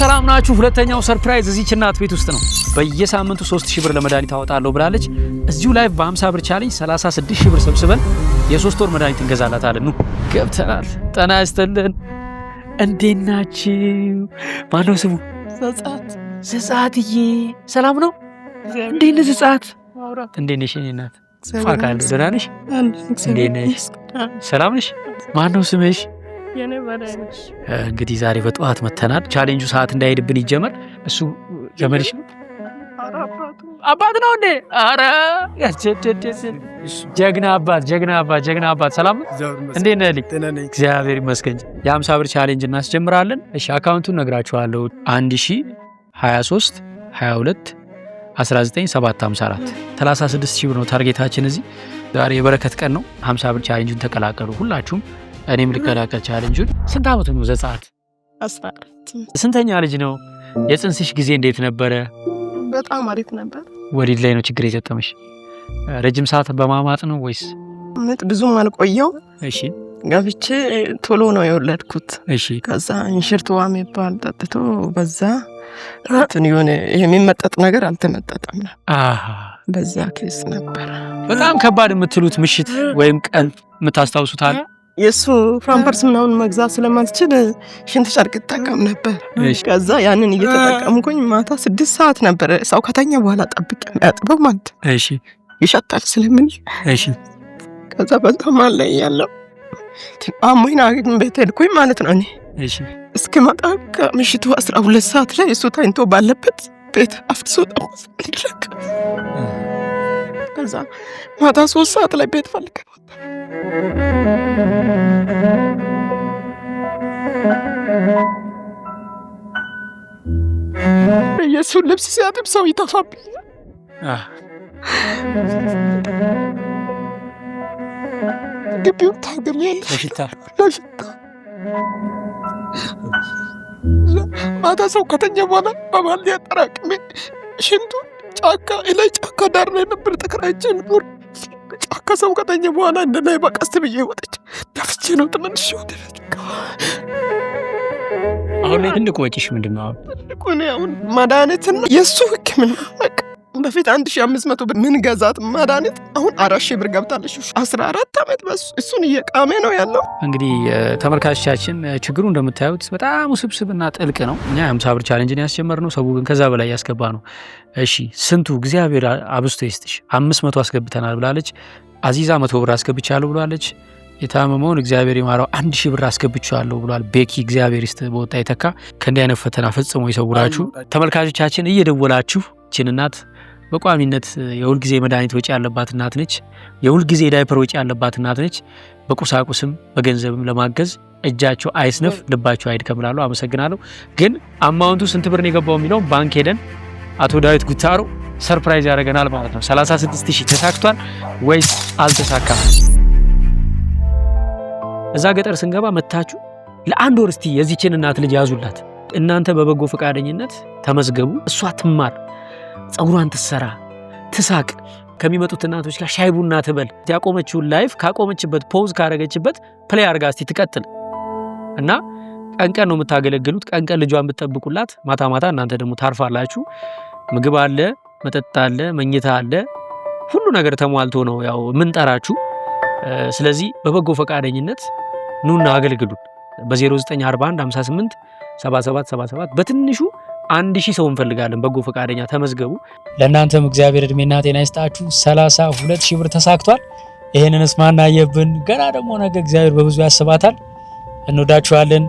ሰላም ናችሁ። ሁለተኛው ሰርፕራይዝ እዚች እናት ቤት ውስጥ ነው። በየሳምንቱ 3000 ብር ለመድኃኒት አወጣለሁ ብላለች። እዚሁ ላይ በ50 ብር ቻሌንጅ 36000 ብር ሰብስበን የሶስት ወር መድኃኒት እንገዛላታለን። ኑ ገብተናል። ጠና ያስተልን እንዴት ናችሁ? ማነው ስሙ? ዘጻት ዘጻትዬ፣ ሰላም ነው? እንዴት ነህ ዘጻት? እንዴት ነሽ? እኔ እናት ፋካል ደህና ነሽ? እንዴት ነሽ? ሰላም ነሽ? ማነው ስምሽ? እንግዲህ ዛሬ በጠዋት መተናል። ቻሌንጁ ሰዓት እንዳይሄድብን ይጀመር። እሱ ዘመድሽ አባት ነው እንዴ? አረ ጀግና አባት ጀግና አባት ጀግና አባት። ሰላም እንዴት ነህ እግዚአብሔር ይመስገን። የሀምሳ ብር ቻሌንጅ እናስጀምራለን። እሺ አካውንቱን ነግራችኋለሁ። 23 22 19754 36 ሺህ ብር ነው ታርጌታችን። እዚህ ዛሬ የበረከት ቀን ነው። 50 ብር ቻሌንጁን ተቀላቀሉ ሁላችሁም እኔም ልከላከል ቻለንጁን። ስንት ዓመቱ ነው ዘጸአት? ስንተኛ ልጅ ነው? የጽንስሽ ጊዜ እንዴት ነበረ? በጣም አሪፍ ነበር። ወሊድ ላይ ነው ችግር የገጠመሽ? ረጅም ሰዓት በማማጥ ነው ወይስ? ምጥ ብዙም አልቆየው። እሺ ገፍቼ ቶሎ ነው የወለድኩት። እሺ ከዛ እንሽርት የሚባል ጠጥቶ በዛ እንትን የሆነ የሚመጠጥ ነገር አልተመጠጠም። በዛ ኬስ ነበር። በጣም ከባድ የምትሉት ምሽት ወይም ቀን የምታስታውሱታል? የእሱ ፍራምፐርስ ምናምን መግዛት ስለማትችል ሽንት ጨርቅ ይጠቀም ነበር። ከዛ ያንን እየተጠቀምኩኝ ማታ ስድስት ሰዓት ነበረ ሰው ከተኛ በኋላ ጠብቅ ያጥበው ማለት ይሸጣል ስለምን። ከዛ በዛም አለ ያለው አሞኝ አግኝ ቤት ሄድኩኝ ማለት ነው። እኔ እስክመጣ ከምሽቱ አስራ ሁለት ሰዓት ላይ እሱ ታኝቶ ባለበት ቤት አፍትሶ ጠማት ሊለቅ ከዛ ማታ ሶስት ሰዓት ላይ ቤት ፈልገ የእሱን ልብስ ሲያጥብ ሰው ይጠፋብኝ። ግቢውን ታገሚያለሽ ለሽታ ማታ ሰው ከተኛ በኋላ በባል ያጠራቅሜ ሽንቱ ጫካ ላይ ጫካ ዳር ላይ ነበር ተከራይቼ ኖር ከሰው ከተኘ በኋላ እንደ ላይ በቀስት ብዬ ወጠች ደፍቼ ነው ትንንሽ ወደረች። አሁን ላይ ትልቁ ወጪሽ ምንድን ነው? አሁን ትልቁ እኔ አሁን መድኃኒትና የእሱ ህክምና በፊት አንድ ሺ አምስት መቶ ብር ምን ገዛት መድኃኒት አሁን አራት ሺ ብር ገብታለች። አስራ አራት ዓመት በሱ እሱን እየቃሜ ነው ያለው። እንግዲህ ተመልካቾቻችን ችግሩ እንደምታዩት በጣም ውስብስብ ውስብስብና ጥልቅ ነው። እኛ የሀምሳ ብር ቻሌንጅን ያስጀመር ነው፣ ሰው ግን ከዛ በላይ ያስገባ ነው። እሺ ስንቱ እግዚአብሔር አብስቶ ይስጥሽ። አምስት መቶ አስገብተናል ብላለች። አዚዛ መቶ ብር አስገብቻለሁ ብሏለች። የታመመውን እግዚአብሔር ይማረው አንድ ሺህ ብር አስገብቻለሁ ብሏል። ቤኪ እግዚአብሔር ይስጥ በወጣ የተካ ከእንዲህ አይነት ፈተና ፈጽሞ ይሰውራችሁ። ተመልካቾቻችን እየደወላችሁ ችንናት በቋሚነት የሁልጊዜ መድኃኒት ወጪ ያለባት እናት ነች። የሁልጊዜ ዳይፐር ወጪ ያለባት እናት ነች። በቁሳቁስም በገንዘብም ለማገዝ እጃቸው አይስነፍ፣ ልባቸው አይድከም እላለሁ። አመሰግናለሁ። ግን አማውንቱ ስንት ብር ነው የገባው የሚለውን ባንክ ሄደን አቶ ዳዊት ጉታሮ ሰርፕራይዝ ያደርገናል ማለት ነው። 36 ሺህ ተሳክቷል ወይስ አልተሳካም? እዛ ገጠር ስንገባ መታችሁ ለአንድ ወር እስቲ የዚችን እናት ልጅ ያዙላት። እናንተ በበጎ ፈቃደኝነት ተመዝገቡ፣ እሷ ትማር ፀጉሯን ትሰራ፣ ትሳቅ፣ ከሚመጡት እናቶች ጋር ሻይ ቡና ትበል። ያቆመችውን ላይፍ ካቆመችበት ፖዝ ካረገችበት ፕሌይ አርጋ እስቲ ትቀጥል እና ቀንቀን ነው የምታገለግሉት። ቀንቀን ልጇን ብትጠብቁላት፣ ማታ ማታ እናንተ ደግሞ ታርፋላችሁ። ምግብ አለ፣ መጠጥ አለ፣ መኝታ አለ፣ ሁሉ ነገር ተሟልቶ ነው ያው የምንጠራችሁ። ስለዚህ በበጎ ፈቃደኝነት ኑና አገልግሉን በ0941 58 7777 በትንሹ አንድ ሺህ ሰው እንፈልጋለን። በጎ ፈቃደኛ ተመዝገቡ። ለእናንተም እግዚአብሔር እድሜና ጤና ይስጣችሁ። ሰላሳ ሁለት ሺህ ብር ተሳክቷል። ይህንን እስማና ገና ደግሞ ነገ እግዚአብሔር በብዙ ያስባታል። እንወዳችኋለን።